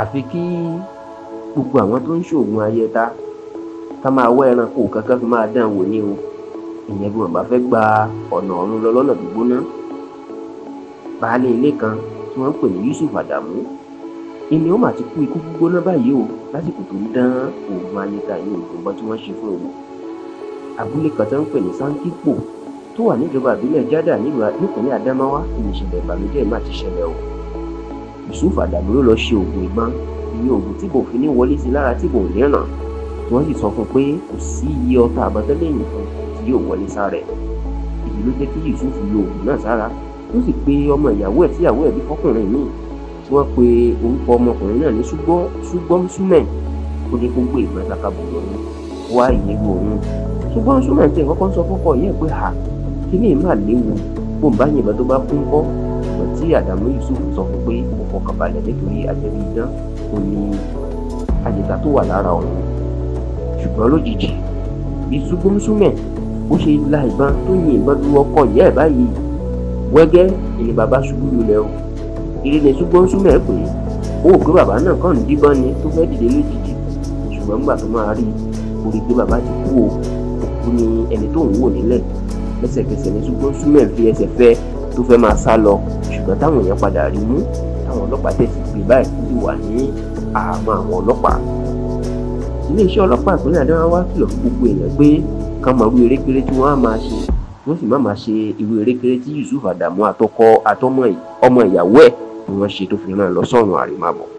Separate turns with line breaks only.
àfi kí gbogbo àwọn tó ń ṣoògùn ayẹta ká máa wá ẹranko kankan fi máa dán wò ní o ìyẹn bí wọn bá fẹ́ gba ọ̀nà ọ̀run lọ lọ́nà gbígbóná baálé ilé kan tí wọ́n ń pè ní Yusuf Adamu ìní ó mà ti kú ikú gbígbóná báyìí o lásìkò tó ń dán oògùn ayẹta yìí òògùn tí wọ́n ṣe fún òun abúlé kan tó ń pè ní Sankipo tó wà níjọba ìbílẹ̀ Jádà nípínlẹ̀ Adamawa ìṣẹ̀lẹ̀ ìbànújẹ́ má ti ṣẹlẹ̀ o. Yusuf Àdàbí lọ ṣe oògùn ìbọn ìyẹn oògùn tí kò fi ní wọlé sí lára tí kò ní ọ̀nà tí wọ́n sì sọ fún un pé kò sí iye ọta àbọ̀tẹ́lẹ̀ nìkan tí yóò wọlé sára ẹ̀ èyí ló jẹ́ kí Yusuf lo oògùn náà sára ó sì pe ọmọ ìyàwó ẹ̀ tíyàwó ẹ̀ bí fọkùnrin míì tí wọ́n pe orúkọ ọmọkùnrin náà ní ṣùgbọ́n kó dé kó gbé ìbọn ìsakabò wá ìyẹ́wò òun ṣùgbọ́n tẹ̀ kọ́kọ́ sọ fọ́kọ yẹ pé ha kí ni ì tí Adamu Yusuf sọ fún pé mo fọkàn balẹ̀ nítorí ajẹ́bí idán kò ní àjẹta tó wà lára òun ṣùgbọ́n lójijì bí ṣùgbọ́nsúmẹ̀ ó ṣe la ìbọn tó yin ìbọn lu ọkọ ìyá ẹ̀ báyìí wẹ́gẹ́ ni bàbá ṣubú lulẹ̀ o ìrìnà ṣùgbọ́nsúmẹ̀ pé ó rò pé bàbá náà kàn ń díbọ́n ni tó fẹ́ dìde lójijì ṣùgbọ́n nígbà tó máa rí ó rí pé bàbá ti kú o òkú ni ẹni tó ń wò nílẹ̀ lẹ́sẹ̀kẹsẹ̀ ní ṣùgbọ́nsúmẹ̀ fi ẹsẹ̀ fẹ́ tó fẹ́ máa sá lọ ṣùgbọ́n táwọn èèyàn padà rí mú táwọn ọlọ́pàá tẹ̀sí gbé báyìí tó sì wà ní àmọ́ àwọn ọlọ́pàá iléeṣẹ́ ọlọ́pàá ìpínlẹ̀ Adamawa kìlọ̀ fún gbogbo èèyàn pé kán mọ irú erékeré tí wọ́n á máa ṣe wọ́n sì má máa ṣe irú erékeré tí Yusuf Adamu àtọkọ àtọmọ ìyàwó ẹ̀ ni wọ́n ṣe tó fi rán lọ sọ́run àrèmábọ̀